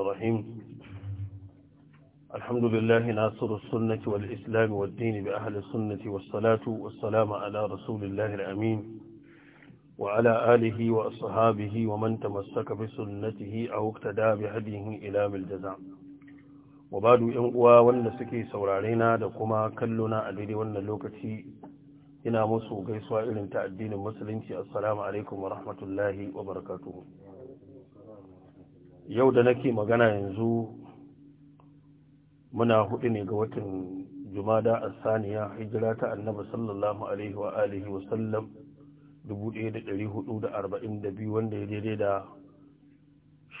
الرحيم الحمد لله ناصر السنة والإسلام والدين بأهل السنة والصلاة والسلام على رسول الله الأمين وعلى آله وأصحابه ومن تمسك بسنته أو اقتدى بهديه إلى بالجزاء وبعد ينقوى والنسكي سورارينا لكما كلنا أدري والنلوكة ina musu gaisuwa irin ta addinin musulunci assalamu alaikum wa rahmatullahi wa barakatuhu yau da nake magana yanzu muna hudu ne ga watan jumada a saniya hijira ta annaba sallallahu alaihi wa alihi wa sallam 1442 wanda ya daidai da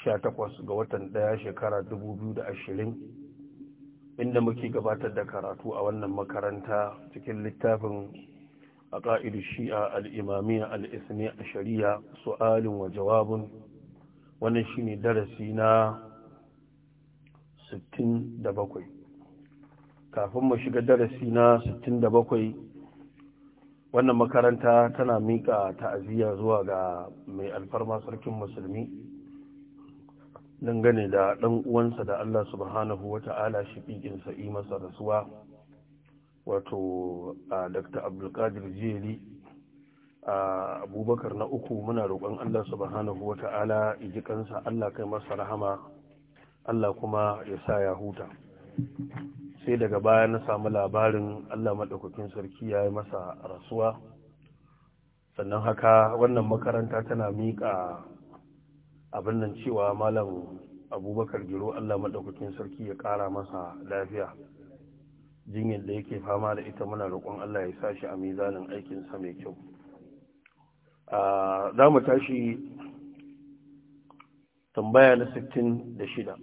18 ga watan daya shekara 2020 inda muke gabatar da karatu a wannan makaranta cikin littafin a ƙa'idu shi'a al'imamiya al'isni a shari'a su'alin wa jawabin wannan shine darasi na 67 kafin mu shiga darasi na 67 wannan makaranta tana miƙa ta'aziyya zuwa ga mai alfarma sarkin musulmi dangane da ɗan uwansa da Allah subhanahu wata'ala bikin sa'i masa rasuwa wato a Dr. Abdulkadir Jeli A abubakar na uku muna roƙon Allah subhanahu wa ta'ala iji kansa Allah kai masa rahama Allah kuma ya sa ya huta sai daga baya na samu labarin Allah maɗaukakin sarki ya yi masa rasuwa sannan haka wannan makaranta tana miƙa abin nan cewa malam abubakar giro Allah maɗaukakin sarki ya ƙara masa lafiya jinyar da yake fama da ita muna roƙon Allah ya sa shi a mizanin aikinsa mai kyau za mu tashi tambaya na 66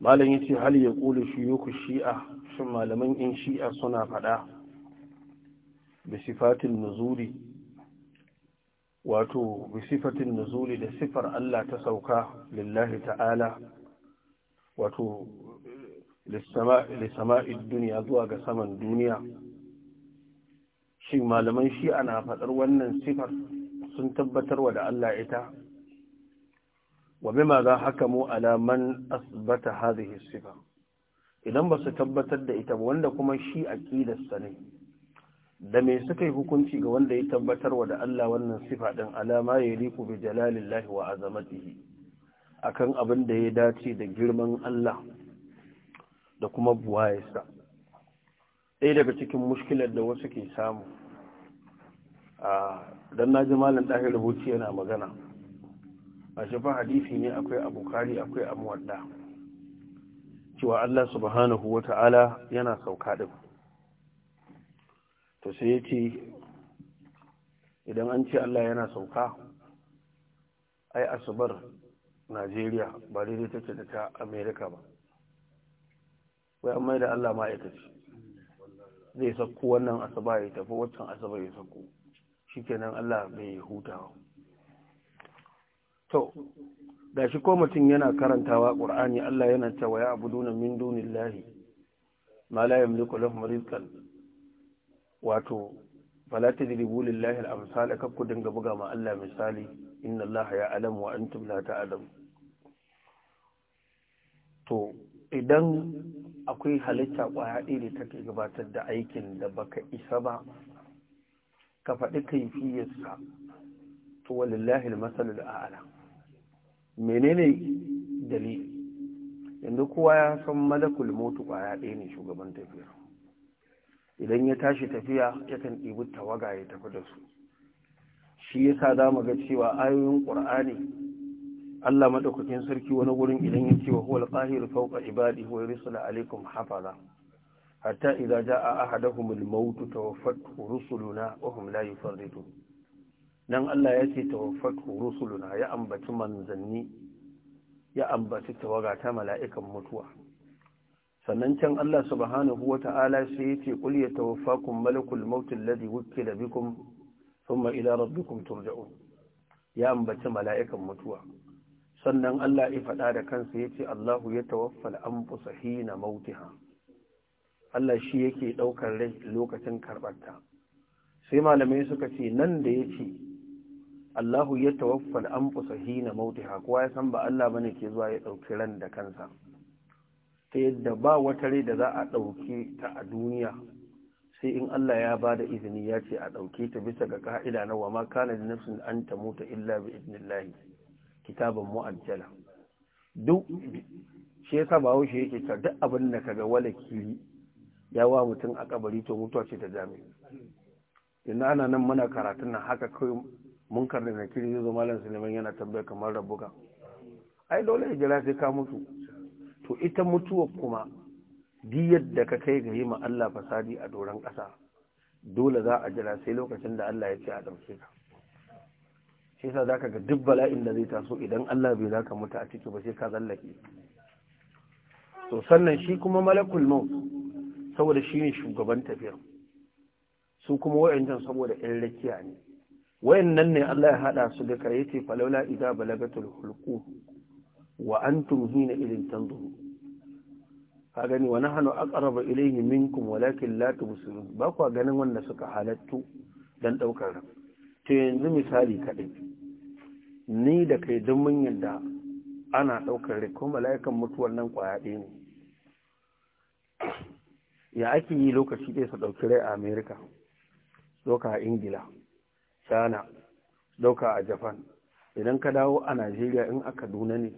malam yace hal ya kula shiyuku shi'a shin malaman in shi'a suna fada bi sifatin nuzuli wato bi sifatin nuzuli da sifar Allah ta sauka lillahi ta'ala wato lissama'i duniya zuwa ga saman duniya shi malaman shi ana faɗar wannan sifar sun tabbatarwa da Allah ita wa bima za mu ala man asbata hadhihi sifa idan ba su tabbatar da ita ba wanda kuma shi sa ne da me suka yi hukunci ga wanda ya tabbatar wa da Allah wannan sifa din alama ya riku bi jalalillahi wa azamatihi akan abin da ya dace da girman Allah da kuma buwayesa ɗaya daga cikin mushkilar da wasu ke samu don na ji malin ɗahir rubuci yana magana a shafa hadisi ne akwai a bukari akwai a muwadda cewa Allah subhanahu wa ta'ala yana sauka ɗin to sai ya ce idan an ce Allah yana sauka ai asubar Najeriya ba daidai take da ta Amerika ba wai an da Allah ma'aikaci zai sakko wannan asaba ya tafi wancan asaba ya sakko kenan Allah bai yi hutawa to shi ko mutum yana karantawa Qur'ani Allah yana cewa ya abuduna min dunillahi ma la yamliku lahum rizqan wato fala tadribu lillahi al-amsal kakku dinga buga ma Allah misali inna Allah ya alamu wa antum la ta'lamu to idan akwai halitta ƙwaya ɗaya da ke gabatar da aikin da baka isa ba ka faɗi kaifiyarsa to walillahi al-masalul a'la menene dalili yanzu kowa ya san malakul motu ƙwaya ɗaya ne shugaban tafiya idan ya tashi tafiya yakan ɗibi tawaga ya tafi da su shi yasa za mu ga cewa ayoyin ƙur'ani Allah madaukakin sarki wani wurin idan ya yake wa huwal qahir fawqa ibadihi wa yursala alaikum hafaza hatta idza jaa ahaduhum al-maut tawaffatu rusuluna wa hum la yufarridun dan Allah ya ce tawaffatu rusuluna ya ambaci manzanni ya ambaci tawaga mala'ikan mutuwa sannan can Allah subhanahu wata'ala sai ya yace qul yatawaffakum malakul maut alladhi wukkila bikum thumma ila rabbikum turja'un ya ambaci mala'ikan mutuwa sannan Allah ya faɗa da kansa ya ce Allahu ya tawaffal an fusahi na mautiha Allah shi yake ɗaukar rai lokacin karɓarta sai malamai suka ce nan da ya ce Allahu ya tawaffal an fusahi na mautiha kowa ya san ba Allah bane ke zuwa ya ɗauki ran da kansa ta yadda ba wata rai da za a ɗauke ta a duniya sai in Allah ya ba da izini ya ce a ɗauke ta bisa ga ka'ida na wa ma kana da nafsin an ta mutu illa bi idnillahi Kitabun mu'ajjala duk shi yasa ba haushe yake ta duk abin da kaga wala kiri ya wa mutum a kabari to mutuwa ce ta jami yanzu ana nan muna karatun nan haka kawai munkar da nakiri zai zo malam suleiman yana tambaya kamar rabuka ai dole jira sai ka mutu to ita mutuwa kuma di yadda ka kai ga yima Allah fasadi a doron ƙasa dole za a jira sai lokacin da Allah ya ce a ɗauke ka shi yasa zaka ga duk bala'in da zai taso idan Allah bai zaka mutu a ciki ba sai ka zallake to sannan shi kuma malakul maut saboda shi ne shugaban tafiya su kuma wayancan saboda ɗan rakiya ne wayannan ne Allah ya hada su da yace falawla idza balagatul hulqu wa antum hina idin tanzuru ka gani wa nahnu aqrabu ilayhi minkum walakin la tubsirun ba ku ganin wanda suka halattu dan daukar ran ta yanzu misali kaɗai ni da kai don mun yadda ana ɗaukar rai kuma mala'ikan mutuwar nan ƙwaya ɗaya ne ya ake yi lokaci ɗaya su ɗauki rai a amerika ɗauka a ingila shana ɗauka a japan idan ka dawo a najeriya in a kaduna ne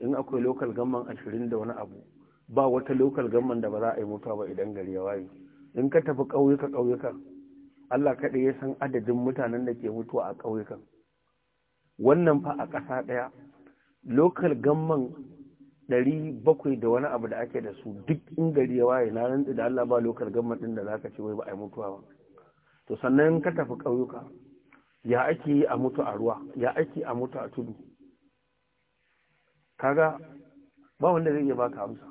in akwai lokal gamman ashirin da wani abu ba wata lokal gamman da ba za a yi mutuwa ba idan gari ya waye in ka tafi ƙauyuka ƙauyuka Allah kaɗai ya san adadin mutanen da ke mutuwa a ƙauyukan wannan fa a ƙasa ɗaya lokal gamman ɗari bakwai da wani abu da ake da su duk in gari ya waye na rantsu da Allah ba lokal gamman ɗin da za ka ce wai ba a yi mutuwa ba to sannan ka tafi ƙauyuka ya ake yi a mutu a ruwa ya ake a mutu a tudu kaga ba wanda zai iya baka amsa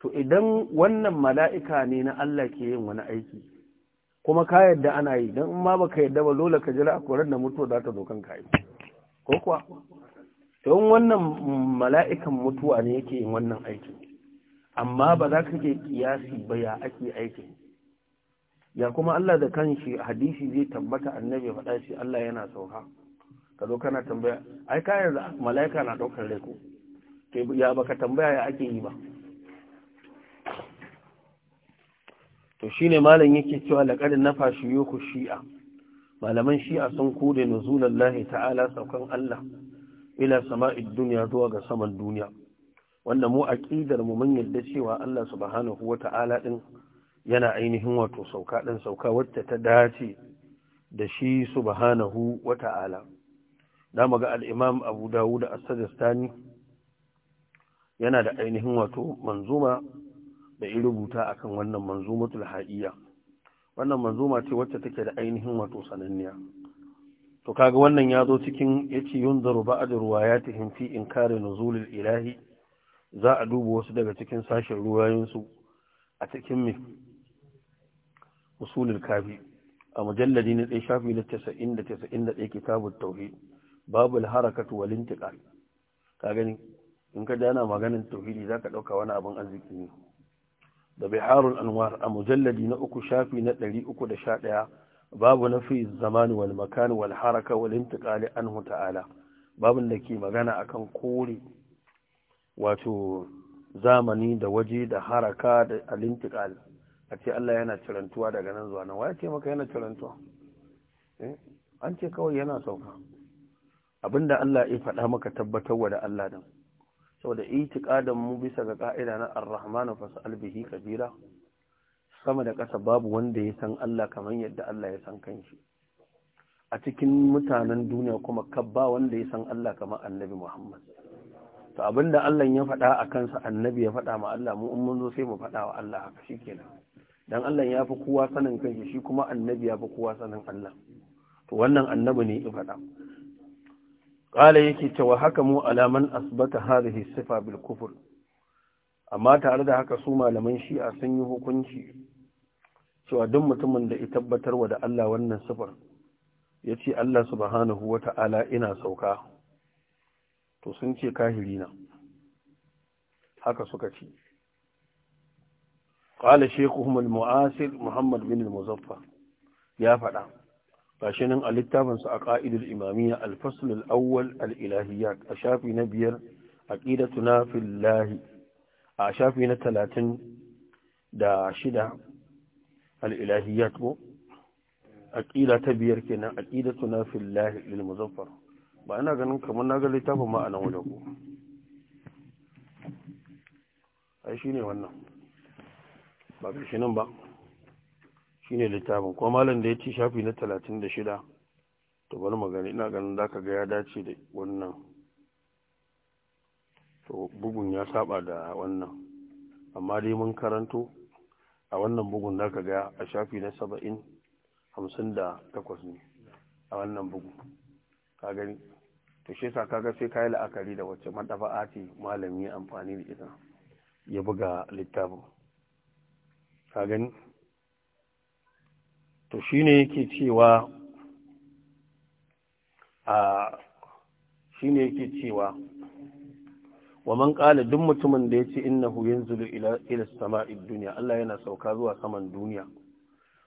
to idan wannan mala'ika ne na Allah ke yin wani aiki kuma ka yadda ana yi don in ma baka yadda ba dole ka jira a koran da mutuwa za ta zo kan kayi ko kuwa don wannan mala'ikan mutuwa ne yake yin wannan aiki, amma ba za ka ke kiyasi ba ya ake aikin ya kuma Allah da kanshi hadisi zai tabbata annabi faɗa shi Allah yana sauka ka zo kana tambaya ai ka yanzu mala'ika na ɗaukar rai ko ya baka tambaya ya ake yi ba to shine malam yake cewa na nafa shuyuku shi'a malaman shi'a sun kode nuzulallahi ta'ala saukan Allah ila sama'id duniya zuwa ga saman duniya wanda mu aqidar mu mun yadda cewa Allah subhanahu Ta'ala ɗin yana ainihin wato sauka ɗin sauka wacce ta dace da shi subhanahu wata'ala da maga al-imam Abu Dawud as-Sajistani yana da ainihin wato manzuma da in rubuta akan wannan manzumatul ha'iyya wannan manzuma ce wacce take da ainihin wato sananniya to kaga wannan ya zo cikin yace yunzaru ba'd ruwayatihim fi inkari nuzulil ilahi za a duba wasu daga cikin sashen ruwayoyinsu a cikin me usulul kafi a mujalladi na ɗaya shafi na 90 kitabut tauhid babul harakatu wal intiqal ka gani in ka dana maganin tauhidi zaka ɗauka wani abin arziki ne da biharul anwar a mujalladi na uku shafi na ɗari uku da sha ɗaya babu na fi zamani wal makan wal haraka wal intiqali anhu ta'ala babin da ke magana akan kore wato zamani da waje da haraka da al a ce Allah yana cirantuwa daga nan zuwa nan waye ce maka yana cirantuwa eh, an ce kawai yana sauka abinda Allah ya faɗa maka tabbatarwa da Allah din saboda itikadan mu bisa ga ka'ida na ar-rahman fas'al bihi kabira sama da ƙasa babu wanda ya san Allah kaman yadda Allah ya san kanshi a cikin mutanen duniya kuma kabba wanda ya san Allah kamar annabi Muhammad to abinda Allah ya faɗa a kansa annabi ya faɗa ma Allah mu in mun zo sai mu faɗa wa Allah haka shikenan dan Allah ya fi kowa sanin kanshi shi kuma annabi ya fi kowa sanin Allah to wannan annabi ne ya faɗa ƙala yake cewa haka mu alaman asbata hadhihi sifa bil kufur amma tare da haka su malaman shi'a sun yi hukunci cewa duk mutumin da ya tabbatar wa da Allah wannan sifar ya ce Allah subhanahu wa ta'ala ina sauka to sun ce kahiri na haka suka ce ƙala shekuhum al-mu'asir muhammad bin al-muzaffar ya faɗa gashi nan a littafin sa aqaidul imamiyya al-fasl al-awwal al-ilahiyyat a shafi na biyar aqidatuna fillahi a shafi na 30 da shida al-ilahiyyat ko aqida ta biyar kenan aqidatuna fillahi lil muzaffar ba ina ganin kamar na ga littafin ma anan wajen ko ai shine wannan ba gashi nan ba shine littafin kuma malam da ya ci shafi na talatin da shida to bari magana ina ganin za ka ga ya dace da wannan to bugun ya saba da wannan amma dai mun karanto a wannan bugun za ka ga a shafi na saba'in hamsin da takwas ne a wannan bugun ka gani to shi sa kaga sai kayi la'akari da wacce madafa'a ce malami amfani da ita ya buga littafin ka gani to ne yake cewa a ne yake cewa wa man ƙala duk mutumin da ya yace innahu yanzilu ila ila samai dunya Allah yana sauka zuwa saman duniya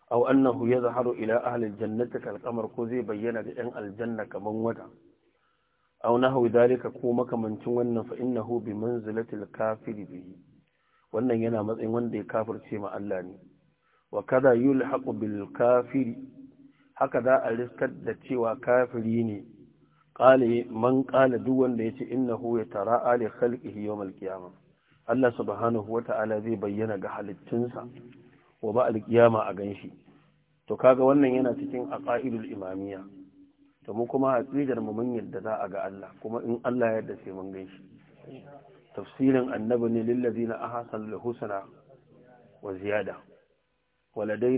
aw annahu yazharu ila ahli aljannati kal ko zai bayyana ga yan aljanna kamar wata aw hau dalika ko makamancin wannan fa innahu bi manzilatil kafiri bihi wannan yana matsayin wanda ya kafirce ma Allah ne wa kada yulhaqu bil kafiri haka za a riskar da cewa kafiri ne qali man qala duk wanda yace innahu yatara'a ali khalqihi yawm al qiyamah Allah subhanahu wata'ala zai bayyana ga halittunsa wa ba al a ganshi to kaga wannan yana cikin aqaidul imamiyya to mu kuma aqidar mu mun yadda za a ga Allah kuma in Allah ya yarda sai mun ganshi tafsirin annabi ne lillazina ahsanu al husna wa ziyada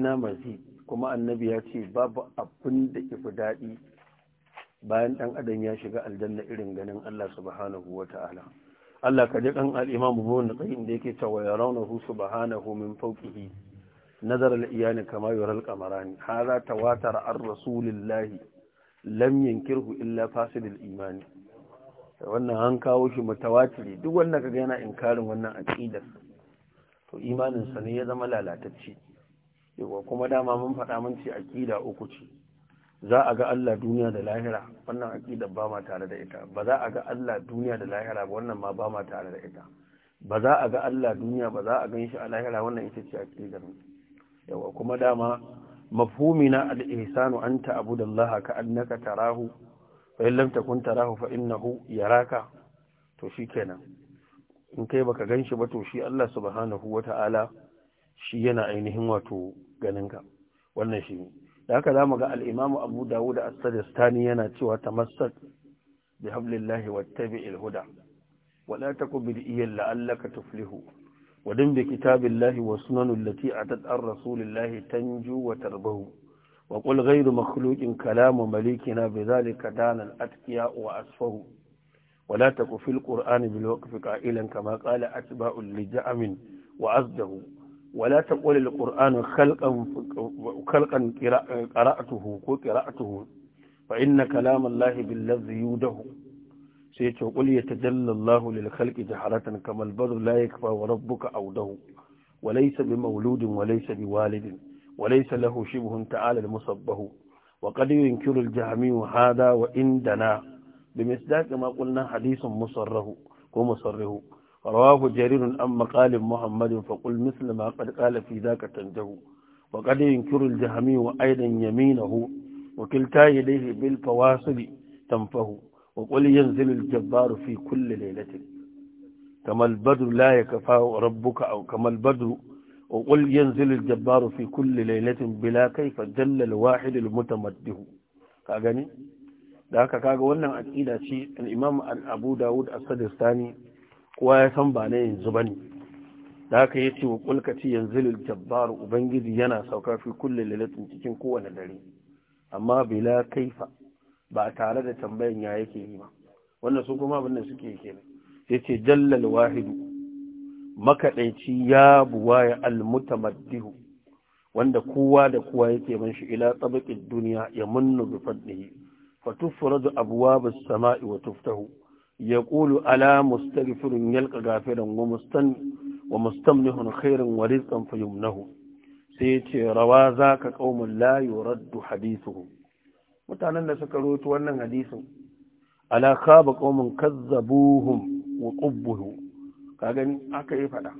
na mazi kuma annabi ya ce babu abin da ifi daɗi bayan ɗan adam ya shiga aljanna irin ganin Allah subhanahu wa ta'ala Allah ka ji kan al'imamu buwan da ƙayin da yake cewa ya rauna hu subhanahu min fauƙihi nazar al'iyani kama yi ral kamarani hada watar an rasulillahi lam kirhu illa fasidil imani wannan an kawo shi mutawatiri duk wanda kaga yana inkarin wannan aqidar to imaninsa ne ya zama lalatacce yawa kuma dama mun faɗa mun ce aƙida uku ce za a ga Allah duniya da lahira wannan aƙida ba ma tare da ita ba za a ga Allah duniya da lahira ba wannan ma ba ma tare da ita ba za a ga Allah duniya ba za a gan shi a lahira wannan ita ce aƙidar yawa kuma dama mafhumi na al ihsan an ta'budu Allah ka annaka tarahu fa in lam takun tarahu fa innahu yaraka to shikenan in kai baka gan shi ba to shi Allah subhanahu wata'ala shi yana ainihin wato ganinka wannan shi ne da haka za mu ga al'imamu abu dawud as-sadistani yana cewa tamassak bi hablillahi wattabi'il huda wala taku bid'iyyan la'allaka tuflihu wadin bi kitabillahi wa sunanul lati atat ar-rasulillahi tanju wa tarbahu wa qul ghayru makhluqin kalamu malikina bi zalika danan atqiya wa asfahu ولا تك في القرآن بالوقف قائلا كما قال أتباع لجأم وأزده ولا تقول القرآن خلقا خلقا قرأته قرأته فإن كلام الله بالذي يوده سيتي قل يتجلى الله للخلق جهرة كما البر لا يكفى وربك أوده وليس بمولود وليس بوالد وليس له شبه تعالى المصبه وقد ينكر الجهمي هذا وإن دنا بمصداق ما قلنا حديث مصره ومصره رواه جرير أما قال محمد فقل مثل ما قد قال في ذاك تنده وقد ينكر الجهمي وأيضا يمينه وكلتا يديه بالفواصل تنفه وقل ينزل الجبار في كل ليلة كما البدر لا يكفاه ربك أو كما البدر وقل ينزل الجبار في كل ليلة بلا كيف جل الواحد المتمده كاغني ذاك كاغا wannan aqida ce الامام ابو داود Dawud kowa ya san ba na yanzu ba ne da aka yi ce wa kulkaci yanzu liljabbar ubangiji yana sauka fi kulle lalatin cikin kowane dare amma bila kaifa ba tare da tambayan ya yake yi ba wannan su kuma abin da suke yake ne sai ce jallal wahidu makaɗaici ya buwa ya almutamaddihu wanda kowa da kowa yake man shi ila tsabakin duniya ya munnu bi fadlihi fa tufradu abwabus sama'i wa tuftahu yaqulu ala mustaghfirun yalka ghafiran wa mustan wa mustamnihun khairan wa rizqan fayumnahu sai ce rawa zaka qaumun la yuraddu hadithuhu mutanen da suka rutu wannan hadisin ala khaba qaumun kazzabuhum wa qubbuhu ka gani aka yi fada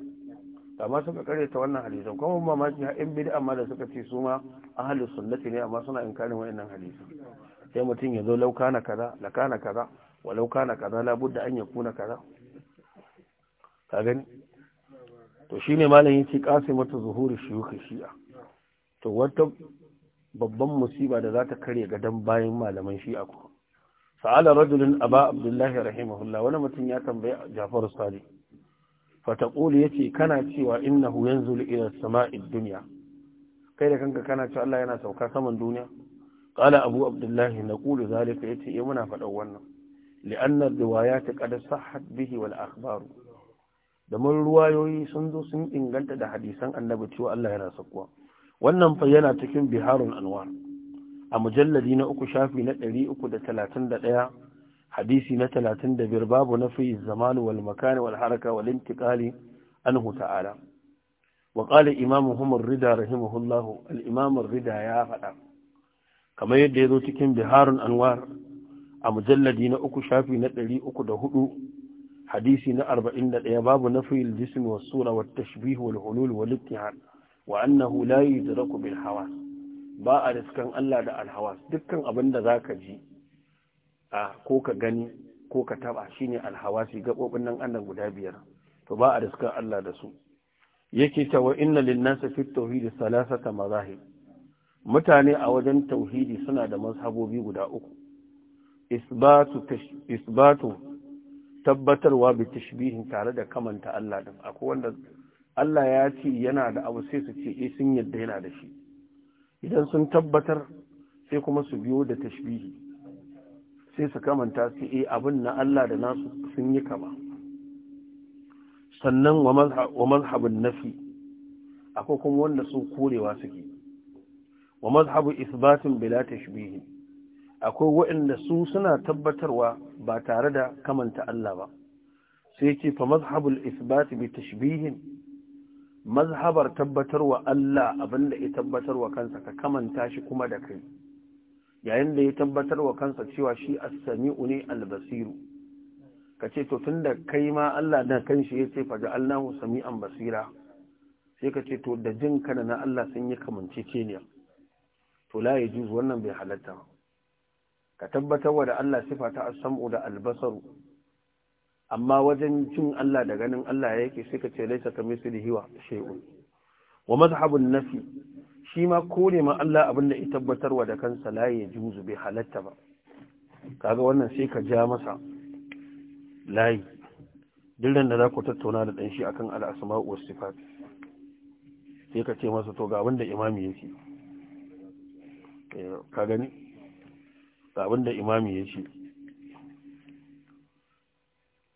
amma suka ta wannan hadisan kuma mamaki ha in bid'a amma da suka ce su ma ahlus sunnati ne amma suna inkarin wannan hadisan sai mutum ya zo laukana kaza lakana kaza walau kana kaza labudda an yakuna kaza ka gani to shine malam yace mata zuhuri shuyukh shi'a to wata babban musiba da za ta kare gadan bayan malaman shi'a ko sa'ala rajulun aba abdullahi rahimahullah wani mutum ya tambaye Ja'far Sadiq fataqulu yace kana cewa innahu yanzulu ila sama'id dunya kai da kanka kana cewa Allah yana sauka saman duniya Kala abu abdullahi naqulu zalika yace eh muna faɗan wannan لأن الروايات قد صحت به والأخبار da mun ruwayoyi sun zo sun inganta da hadisan annabi cewa Allah yana sakuwa wannan fa yana cikin biharin anwar a mujalladi na uku shafi na ɗari uku da da talatin ɗaya, hadisi na talatin da biyar babu fi zaman wal makani wal haraka wal intiqali anhu ta'ala wa qala imamuhum humar rida rahimahullahu al-imam rida ya haɗa. kamar yadda ya zo cikin biharin anwar a mujalladi na uku shafi na ɗari uku da hudu hadisi na arba'in da ɗaya babu na fil jism wa sura wa tashbih wal hulul wal wa annahu la yudraku bil hawas ba a riskan Allah da al dukkan abin da za ka ji a ko ka gani ko ka taba shine al hawasi gaɓoɓin nan annan guda biyar to ba a riskan Allah da su yake ta wa inna lin nasi fi tauhid salasata mazahib mutane a wajen tauhidi suna da mazhabobi guda uku isbatu tabbatarwa bi tashbihin tare da kamanta Allah din akwai wanda Allah ya ce yana da abu sai su ce eh sun yadda yana da shi idan sun tabbatar sai kuma su biyo da tashbihi sai su kamanta su eh abin na Allah da nasu sun yi kama sannan wa mazhabin nafi akwai kuma wanda sun korewa suke wa mazhabu isbatin bila tashbihin akwai waɗanda su suna tabbatarwa ba tare da kamanta Allah ba sai ce fa mazhabul isbat bi tashbihin mazhabar tabbatarwa Allah abinda ya tabbatarwa kansa ka kamanta shi kuma da kai yayin da ya tabbatarwa kansa cewa shi as-sami'u ne al-basiru kace to tunda kai ma Allah da kanshi yace fa ja'alnahu sami'an basira sai kace to da jinka na Allah sun yi kamanceceniya to la yajuz wannan bai halatta ba ka tabbatar wa da Allah sifa ta as-sam'u da albasaru. amma wajen jin Allah da ganin Allah yake sai ka ce laisa kamithlihi wa shay'un wa mazhabun nafi shi ma ko ne ma Allah abin da tabbatar wa da kansa la ya juzu bi halatta ba kaga wannan sai ka ja masa layi Dindin da za ku tattauna da dan shi akan al'asma'u was sifat sai ka ce masa to ga abin da imami yake eh, ka gani abinda imami ya ce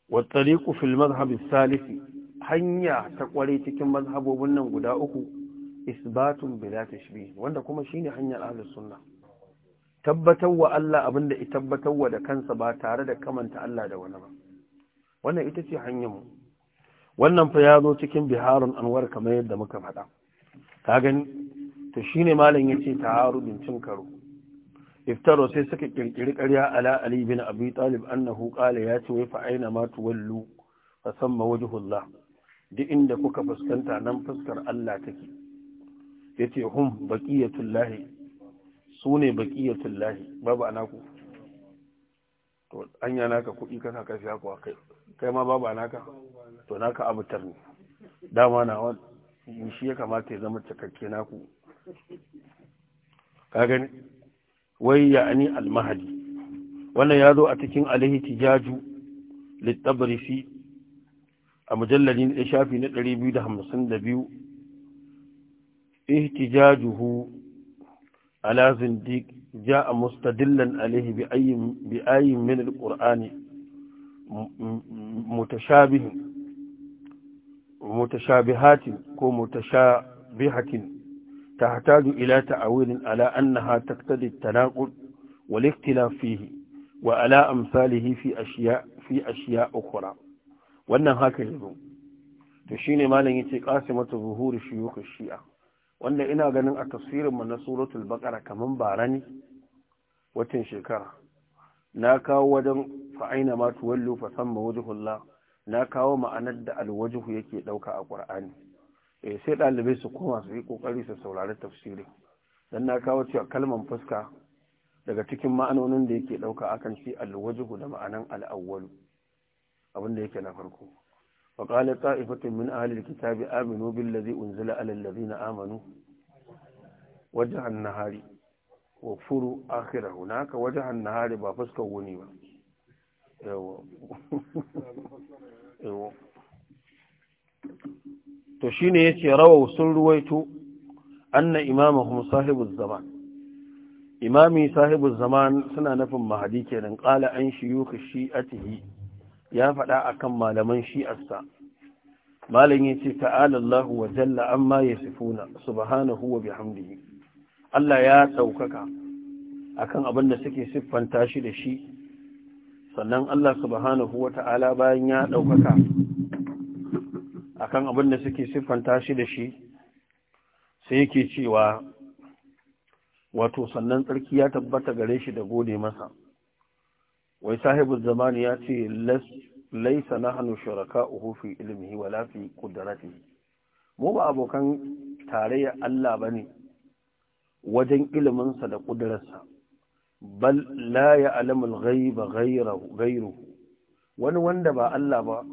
wattariku fil mazhabi salifi hanya ta kware cikin mazhabobin nan guda uku isbatun bila tashbih wanda kuma shine hanyar ahlus sunna tabbatar wa Allah abinda ita tabbatar wa da kansa ba tare da kamanta Allah da wani ba wannan ita ce hanyar mu wannan fa ya zo cikin biharun anwar kamar yadda muka faɗa ka gani to shine malam yace taharudin cin karo iftaro sai suka kirkiri ƙarya ala ali bin abi talib annahu qala ya ce wai fa aina ma tuwallu fa samma wajhullah duk inda kuka fuskanta nan fuskar Allah take yace hum lahi sune lahi babu anaku to anya naka kuɗi kana shi ku kai kai ma babu anaka to naka abutar ne dama na wani shi ya kamata ya zama cikakke naku ka gani wai ya'ani al-mahdi wannan ya zo a cikin alaihi tijaju littabrisi a mujallari na shafi na 252 ihtijajuhu ala zindiq jaa mustadillan alaihi bi ayyin bi ayyin min alqur'ani mutashabih mutashabihatin ko mutashabihatin تحتاج إلى ta على أنها تقتضي التناقض والاختلاف فيه وعلى أمثاله في أشياء في أشياء أخرى wannan haka yazo to shine malam yace qasimatu zuhuri shuyukh shi'a wanda ina ganin a tafsirin mu na suratul kamar kaman barani watan shekara na kawo wajen fa'aina aina ma tuwallu fa samma na kawo ma'anar da alwajuhu yake ɗauka a qur'ani Eh, sai ɗalibai su koma su yi ƙoƙari su saurari tafsirin dan na kawo cewa kalman fuska daga cikin ma'anonin da yake ɗauka akan shi alwajihu da ma'anan al'awwalu abin da yake na farko wa qala ta'ifatun min ahli alkitabi aminu billazi unzila ala na amanu wajha an-nahari wa furu akhirahu naka wajha an-nahari ba fuskar wuni ba yawa to shine ce rawau sun ruwaito anna imamahum sahibuz zaman imami sahibuz zaman suna nufin mahadi kenan qala an shiyukh shi'atihi ya faɗa akan malaman shi'arsa malam yace ta'ala Allah wa jalla amma yasifuna subhanahu wa bihamdihi Allah ya daukaka akan abin da suke siffanta shi da shi sannan Allah subhanahu wa ta'ala bayan ya daukaka akan abin da suke siffanta shi da shi sai yake cewa wato sannan tsarki ya tabbata gare shi da gode masa wai sahibu zamani ya ce laisa na hannu shuraka uku fi ilmihi wala lafi qudratihi mu ba abokan tarayya Allah ba ne wajen iliminsa da ƙudurarsa, bal la ya alamul ba gairu, wani wanda ba Allah ba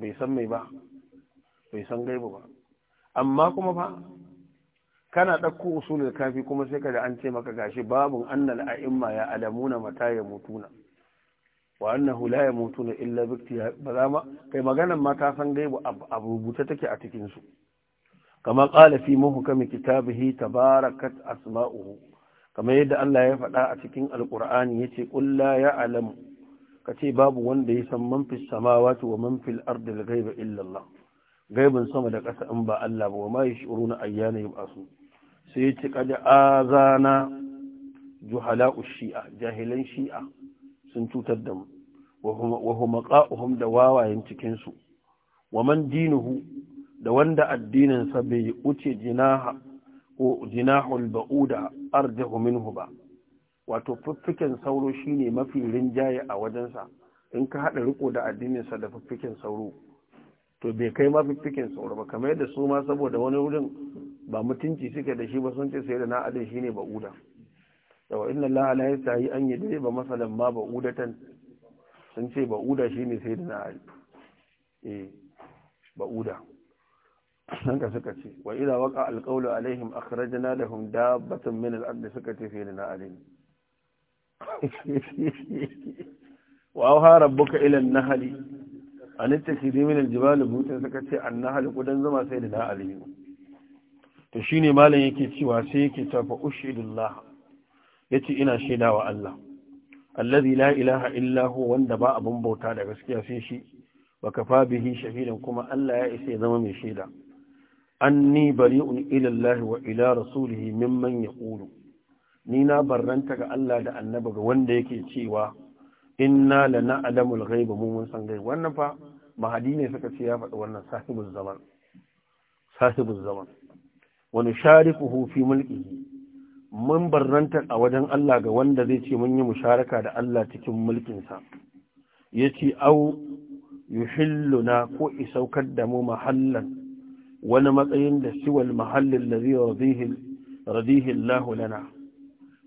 bai san mai ba bai san gaibu ba amma kuma fa kana ɗauko usulul kafi kuma sai kada an ce maka gashi babun annal a'imma ya alamuna mata ya mutuna wa annahu la yamutuna illa bi ba za ma kai maganan ma ka san gaibu a rubuta take a cikin su kama qala fi muhkam kitabihi tabarakat asma'uhu kamar yadda Allah ya faɗa a cikin alqur'ani yace qul la ya'lamu kace babu wanda ya san man fis samawati wa man fil ardi al-ghaiba illa Allah gaibin sama da ƙasa in ba Allah ba wa ma na ayyana su sai yace qad azana juhala'u shi'a jahilan shi'a sun cutar da mu wa huma qa'uhum da wawayen cikin su wa man dinuhu da wanda addinin sa bai uce jinaha ko jinahul ba'uda arjahu minhu ba wato fuffukin sauro shine mafi rinjaye a wajensa in ka haɗa riko da addininsa da fuffukin sauro to bai kai mafifikin tsoro ba kamar yadda su ma saboda wani wurin ba mutunci suke da shi ba sun ce sai da na ne shine ba'uda yawa inna Allah la yi an yi yadri ba masalan ma tan sun ce ba'uda shine sai da na e eh, ba ba'uda nan ka suka ce wa ila waka alqawlu alaihim akhrajna lahum dabbatan min al-ardi suka ce sai da na wa auha rabbuka ila an-nahli anitta ki zai minar jibalin butun suka ce an na hali kudan zama sai da na to shi ne malam yake cewa sai yake tafa ushidullah ya ce ina shaida wa Allah allazi la ilaha illa wanda ba abun bauta da gaskiya sai shi ka fa bihi shahidan kuma Allah ya isa ya zama mai shaida anni bari'un ila Allah wa ila rasulihi mimman yaqulu ni na barranta ga Allah da Annaba, ga wanda yake cewa inna lana ghaiba mu mun san gai wannan fa mahadi ne suka ce ya faɗi wannan sahibul zaman sahibul zaman wani sharikuhu fi mulkihi mun barranta a wajen Allah ga wanda zai ce mun yi musharaka da Allah cikin mulkinsa ya ce au yuhilluna ko isaukar da mu mahallan wani matsayin da siwal mahallin da zai radihin lana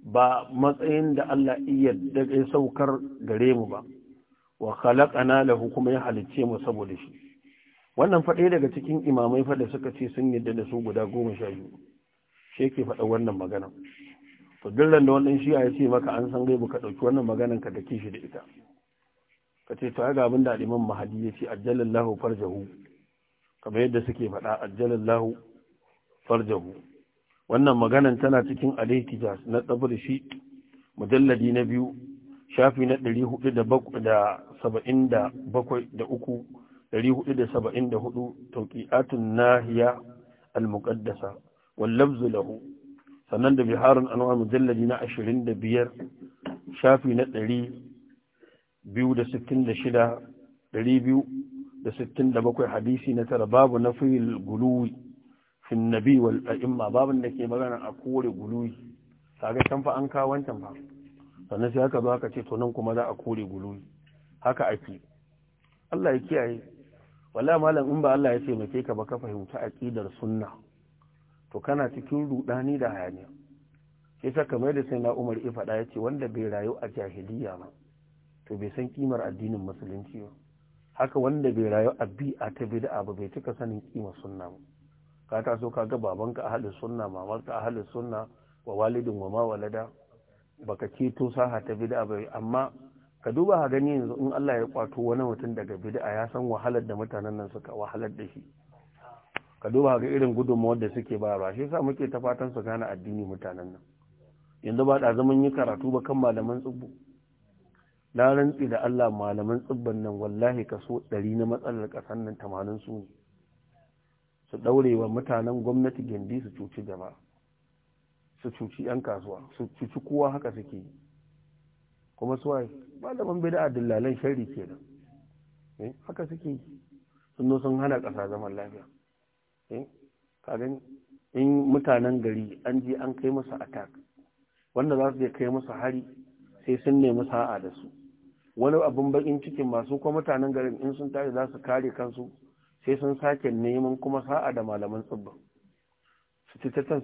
ba matsayin da Allah iya daga saukar gare mu ba wa khalaqana lahu kuma ya halicce mu saboda shi wannan fa daga cikin imamai fa da suka ce sun yadda da su guda goma sha biyu shi yake faɗa wannan magana to dillan da wannan shi ya ce maka an san gaibu ka ɗauki wannan maganan ka dake shi da ita ka ce to ga abin da al'imam mahadi ya ce ajjalallahu farjahu kamar yadda suke faɗa ajjalallahu farjahu wannan maganan tana cikin alaitijas na tsabar shi mujalladi na biyu shafi na 477 da uku 474 tauqi'atun nahiya al-muqaddasa Wallabzu, lahu sannan da biharun anwa mujalladi na 25 shafi na 266 267 hadisi na tara babu na fil guluwi fi nabi wal a'imma babun da ke magana a kore guluwi kaga can fa an kawo wancan fa sannan sai haka zo haka ce to nan kuma za a kore guloyi haka ake Allah ya kiyaye wallahi malam in ba Allah ya taimake ka ba ka fahimci aqidar sunna to kana cikin rudani da hayaniya sai sa kamar da sai na Umar ya faɗa yace wanda bai rayu a jahiliya ba to bai san kimar addinin musulunci ba haka wanda bai rayu a bi'a ta bid'a ba bai cika sanin kimar sunna ba ka taso ka ga babanka ahlus sunna mamanka ahlus sunna wa walidin wa ma walada baka keto saha ta bid'a ba amma ka duba ha gani yanzu in Allah ya kwato wani mutum daga bid'a ya san wahalar da mutanen nan suka wahalar da shi ka duba ga irin gudunmawar da suke ba ba shi yasa muke ta fatan su gane addini mutanen nan yanzu ba da zaman yi karatu ba kan malaman tsibbu na rantsi da Allah malaman tsibban nan wallahi kaso ɗari na matsalar kasar nan tamanin su ne su ɗaure wa mutanen gwamnati gindi su cuci jama'a su cuci 'yan kasuwa su cuci kowa haka suke kuma su waye malaman bida dillalan shari ke nan eh, haka suke sun sun hana ƙasa zaman lafiya eh, kagan in mutanen gari an ji an kai masa attack wanda za su je kai masa hari sai sun nemi sa'a da su wani abin bakin cikin masu kuma mutanen garin in sun tashi za su kare kansu sai sun sake neman kuma sa'a da malaman tsibbin su ci can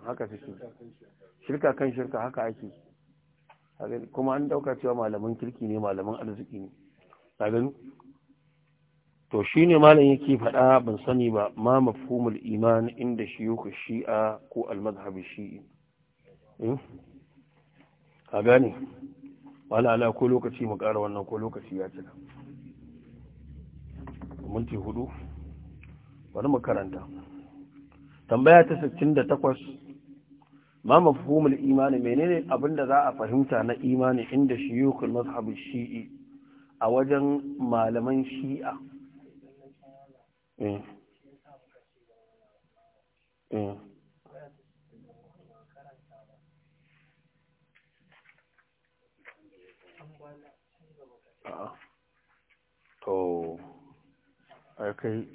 su haka suke shirka kan shirka haka ake kuma an dauka cewa malaman kirki ne malaman arziki ne gani to shine malam yake faɗa ban sani ba ma mafhumul iman inda shiyuku shi'a ko al shi shi'i eh? ka gani wala ala ko lokaci mu ƙara wannan ko lokaci ya cika minti hudu bari mu karanta tambaya ta 68 ma mafhumul imani menene abinda za a fahimta na imani inda shiyukul mazhab shi'i a wajen malaman shi'a Oh, eh. eh. okay.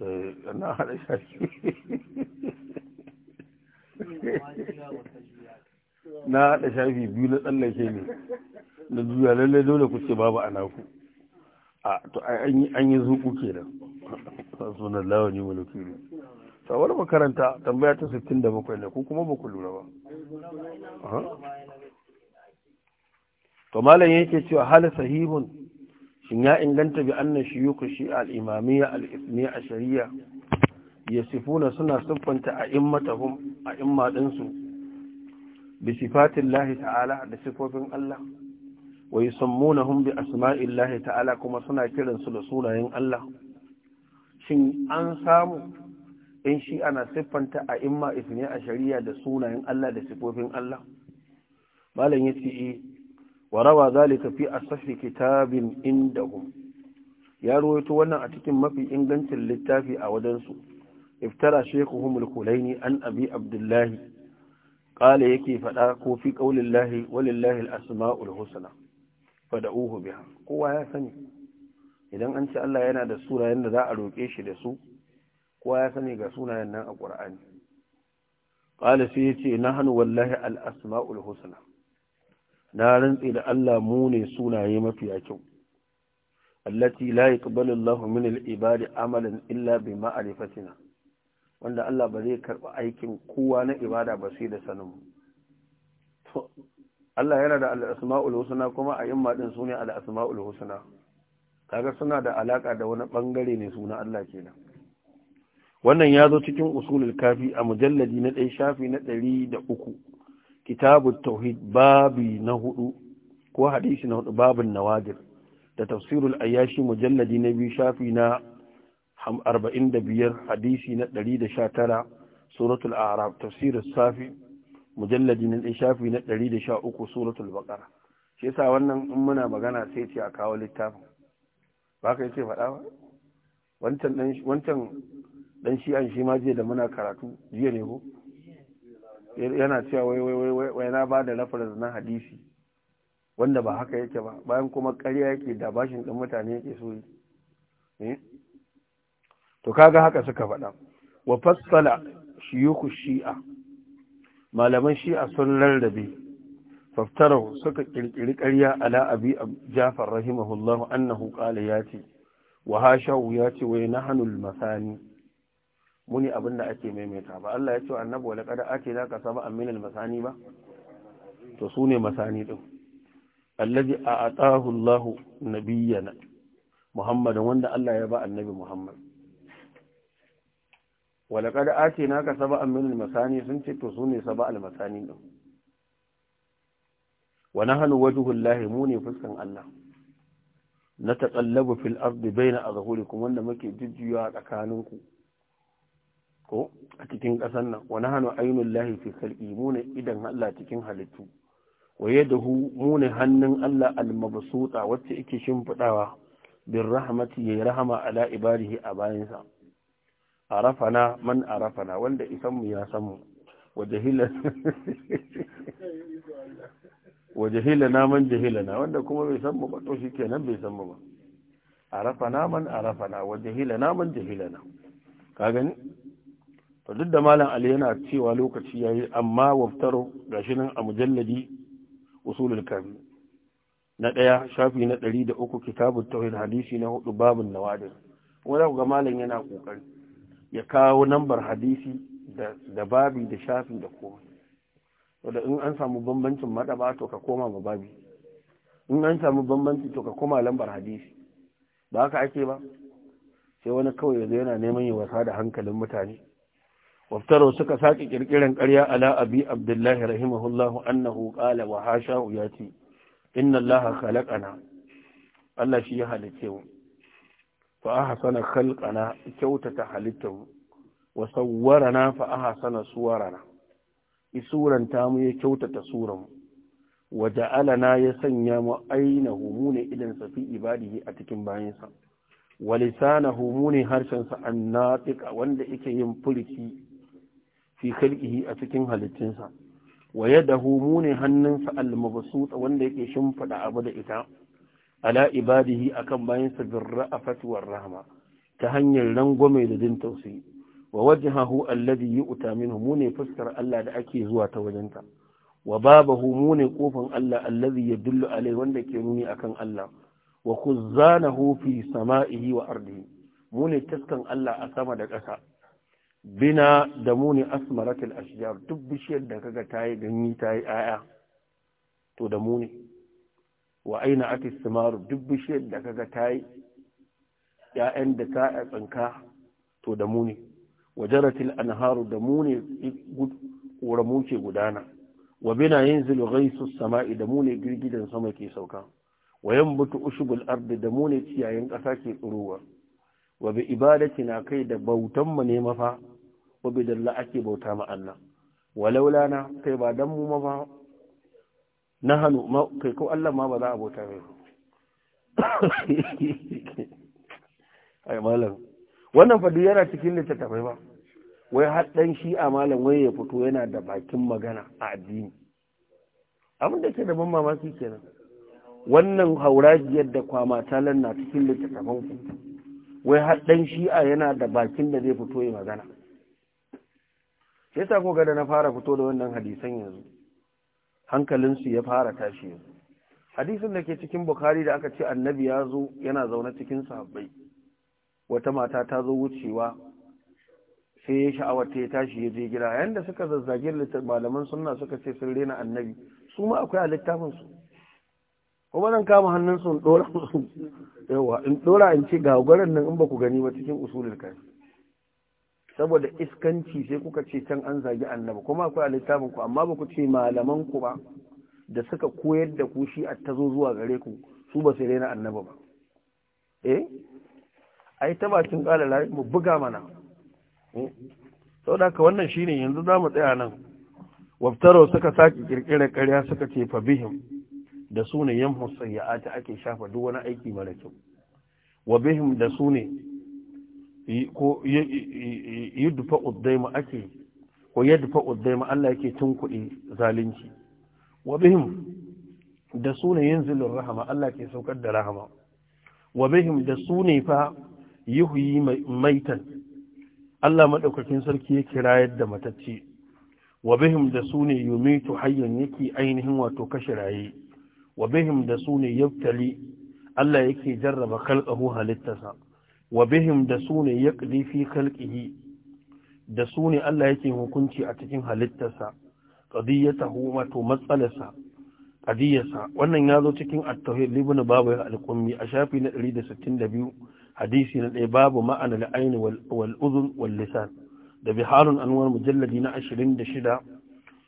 Eh, na haɗa shafi biyu na tsallake ne na juya lallai dole ku ce babu a naku a to an yi zuku ke nan sunan lawani mulki ne tsawar makaranta tambaya ta 67 ne ko kuma ba ku lura ba to malam yake cewa hali sahihun shin ya inganta bi annan shiyuku shi al-imamiyya al shari'a? ashariya yasifuna suna siffanta a immatahum a imma dinsu bi lahi ta'ala da sifofin Allah wa yusammunahum bi lahi ta'ala kuma suna kiransu da sunayen Allah shin an samu in shi ana siffanta a imma a shari'a da sunayen Allah da sifofin Allah malam yace eh, warawa zalika fi a safi kitabin indahum ya ruwaito wannan a cikin mafi ingancin littafi a su. iftara shekuhun mulkulaini an abi abdullahi ƙala yake faɗa ko fi ƙaunin lahi walin lahi al’asma’ul biya kowa ya sani idan an ce Allah yana da sunayen da za a roƙe shi da su kowa ya sani ga sunayen nan a ƙura'ani ƙala sai yace na hannu wallahi al’asma’ul husna na rantsi da Allah mu ne sunaye mafiya kyau allati la yaqbalu Allahu min al-ibadi amalan illa bi ma'rifatina wanda Allah ba zai karba aikin kowa na ibada ba sai da sanin to Allah yana da al-asma'ul husna kuma a yamma din sune al-asma'ul husna kaga suna da alaka da wani bangare ne suna Allah kenan wannan ya zo cikin usulul kafi a mujalladi na dai shafi na ɗari da uku kitabu tauhid babi na hudu ko hadisi na hudu babin nawadir da tafsirul ayyashi mujalladi na biyu shafi na 45 hadisi na 119 suratul a'raf tafsirus safi mujalladi na shafi na 113 suratul baqara shi yasa wannan in muna magana sai ce a kawo littafin ba ka yace faɗa ba wancan dan wancan dan shi an shi ma jiya da muna karatu jiya ne ko yana cewa wai wai wai wai na da reference na hadisi wanda ba haka yake ba bayan kuma ƙarya yake da bashin ɗin mutane yake so yi eh? to kaga haka suka faɗa wa fassala shiyuku shi'a malaman shi'a sun rarrabe faftarahu suka kirkiri ƙarya ala abi jafar rahimahullahu annahu qala yati wa hashahu yati wa hanul masani muni abin da ake maimaita ba Allah ya ce annabi wala kada ake zaka saba aminal masani ba to sune masani din allazi a'atahu Allah nabiyyana Muhammadan wanda Allah ya ba annabi Muhammad wala kada ake naka saba aminal masani sun ce to sune saba al masani din wa nahnu wajhullahi muni fuskan Allah na taqallabu fil ardi bayna azhurikum wanda muke jujjuya tsakaninku ko a cikin ƙasar nan wani hannu ainihin lahi fi sarki mune idan Allah cikin halittu waye da hu mune hannun Allah almabasuta wacce yake shimfiɗawa bin rahamati ya rahama ala ibadihi a bayansa rafana man rafana wanda isanmu mu ya samu jahila na man jahila na, wanda kuma bai san mu ba to shi kenan bai san mu ba na man arafana wajahila na man jahila na. ka gani to duk da malam ali yana cewa lokaci ya yi amma waftaro gashi nan a mujalladi usulul kafi na daya shafi na uku kitabut tawhid hadisi na hudu babun nawadir wanda ga malam yana kokari ya kawo nambar hadisi da da babi da shafi da komai da in an samu bambancin madaba to ka koma ma babi in an samu bambanci to ka koma lambar hadisi ba haka ake ba sai wani kawai yanzu yana neman yi wasa da hankalin mutane waftaro suka sake kirkiran karya ala abi abdullahi rahimahullahu annahu qala wa hashahu yati inna allaha khalaqana Allah shi ya halitte mu fa ahsana khalqana kyautata halitta mu wa sawwarana fa ahsana suwarana isuran ta mu ya kyautata suran mu wa ya sanya mu aina mu ne idan sa fi ibadihi a cikin bayansa wa lisanahu mu ne harshen sa annatiqa wanda ake yin furici fi khalqihi a cikin halittinsa wa yadahu mune hannunsa al-mabsuta wanda yake shimfida abu da ita ala ibadihi akan bayansa birra'afati war rahma ta hanyar rangwame da din tausayi wa wajhahu alladhi yu'ta minhu mune fuskar Allah da ake zuwa ta wajenta wa babahu mune kofin Allah alladhi yadullu alai wanda ke nuni akan Allah wa khuzzanahu fi sama'ihi wa ardihi mune taskan Allah a sama da ƙasa bina da muni asmaratul ashjar duk bishiyar da kaga tayi ganyi tayi aya to da muni wa aina atis samaru duk bishiyar da kaga tayi ya'yan da ta tsanka to da muni wajaratil anharu da muni ƙoramu ke gudana wa bina yanzilu ghaisu sama'i da muni girgidan sama ke sauka wa yanbutu ushbul ardi da muni ciyayin kasa ke tsirowa wa bi ibadatina kai da bautan mu ne mafa bi bidalla ake bauta ma Allah walaula na kai ba dan mu ma ba na hannu kai ko Allah ma ba za a bauta mai ai malam wannan fadu yana cikin littattafai ba wai haddan shi a malam wai ya fito yana da bakin magana a addini abin da ke da ban mamaki kenan wannan haurajiyar da kwama talan na cikin littattafan ku wai haddan shi'a yana da bakin da zai fito ya magana yasa ko da na fara fito da wannan hadisan yanzu hankalinsu ya fara tashi yanzu hadisin da ke cikin Bukhari da aka ce annabi ya zo yana zaune cikin sahabbai wata mata ta zo wucewa sai ya sha'awar ta ya tashi ya je gida yayin da suka zazzage malaman sunna suka ce sun rena annabi su ma akwai a su kuma zan kama hannun in dora in ce ga gwaran nan in ba ku gani ba cikin usulul kafi saboda iskanci sai kuka ce can an zagi annabi kuma akwai a littafin ku amma ba ku ce malaman ku ba da suka koyar da ku shi ta zuwa gare ku su ba su rena annabi ba eh ai ta bakin kala lai mu buga mana eh? saboda ka wannan shine yanzu za mu tsaya nan waftaro suka saki kirkirar ƙarya suka ce fa bihim da su ne musayyata ake shafa duk wani aiki mara kyau wa bihim da su ko yadda uddaima ake ko yadfa uddaima Allah yake tun kuɗi zalunci wa bihim da sune zilin rahama Allah ke saukar da rahama wa bihim da sune fa yuhyi maitan Allah madaukakin sarki ya kira yadda matacce wa bihim da sune yumitu hayyan yake ainihin wato kashe raye wa bihim da sune yaftali Allah yake jarraba khalqahu halittasa. wa bihim da su ne ya fi kalƙihi da su ne Allah yake hukunci a cikin halittarsa qadiyatahu wato matsalarsa qadiyarsa wannan ya zo cikin at-tauhid ibn babu al-qummi a shafi na 162 hadisi na ɗaya babu ma'ana da ayn wal uzun wal lisan da biharun anwar mujalladi na 26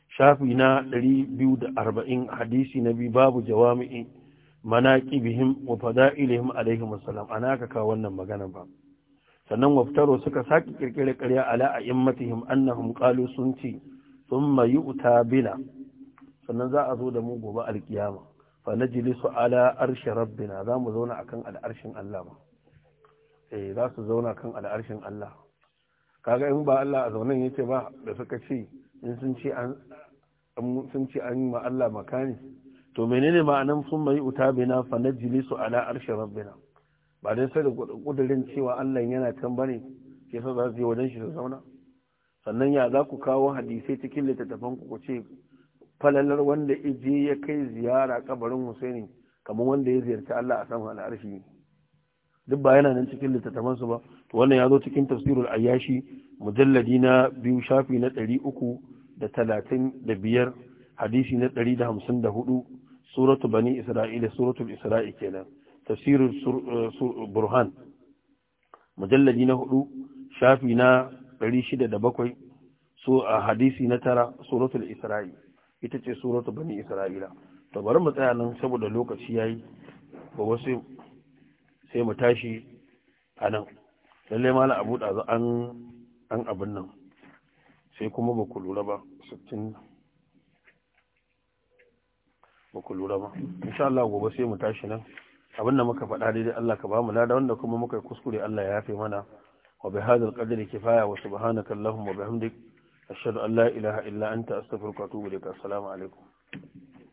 shafi na 240 hadisi na biyu babu jawami'i manaqibihim wa fada'ilihim alaihi wasallam ana ka kawo wannan magana ba sannan waftaro suka saki kirkire ƙarya ala a'immatihim annahum qalu sunti thumma yu'ta bina sannan za a zo da mu gobe alkiyama fa najlisu ala arshi rabbina za mu zauna akan al'arshin Allah ba eh za su zauna kan al'arshin Allah kaga in ba Allah a zaunan yace ba da suka ce in sun ce an sun ce an ma Allah makani to menene ma'anan sun mai uta bina fa na su ala arshi rabbina ba dai sai da kudirin cewa Allah yana can bane ke sa za su je wajen shi su zauna sannan ya za ku kawo hadisai cikin littattafan ku ce falalar wanda ije ya kai ziyara kabarin Husaini kamar wanda ya ziyarci Allah a saman al'arshi duk ba yana nan cikin littattafan su ba to wannan ya zo cikin tafsirul ayyashi mujalladi na biyu shafi na ɗari uku da talatin da biyar hadisi na ɗari da hamsin da hudu suratu bani isra'ila suratul isra'i kenan tafsirul burhan mujalladi na hudu shafi na 607 so a hadisi na tara suratul isra'i ita ce suratu bani isra'ila to bari mu tsaya nan saboda lokaci yayi ba wasu sai mu tashi a nan lallai mala abu ɗazu an abin nan sai kuma ba ku lura ba 60 ba ku lura ba insha Allah gobe sai mu tashi nan abin da muka faɗa daidai Allah ka bamu lada wanda kuma muka yi kuskure Allah ya yafe mana wa bi hadzal qadri kifaya wa subhanaka allahumma wa bihamdik ashhadu an la ilaha illa anta astaghfiruka wa atubu ilaik assalamu alaikum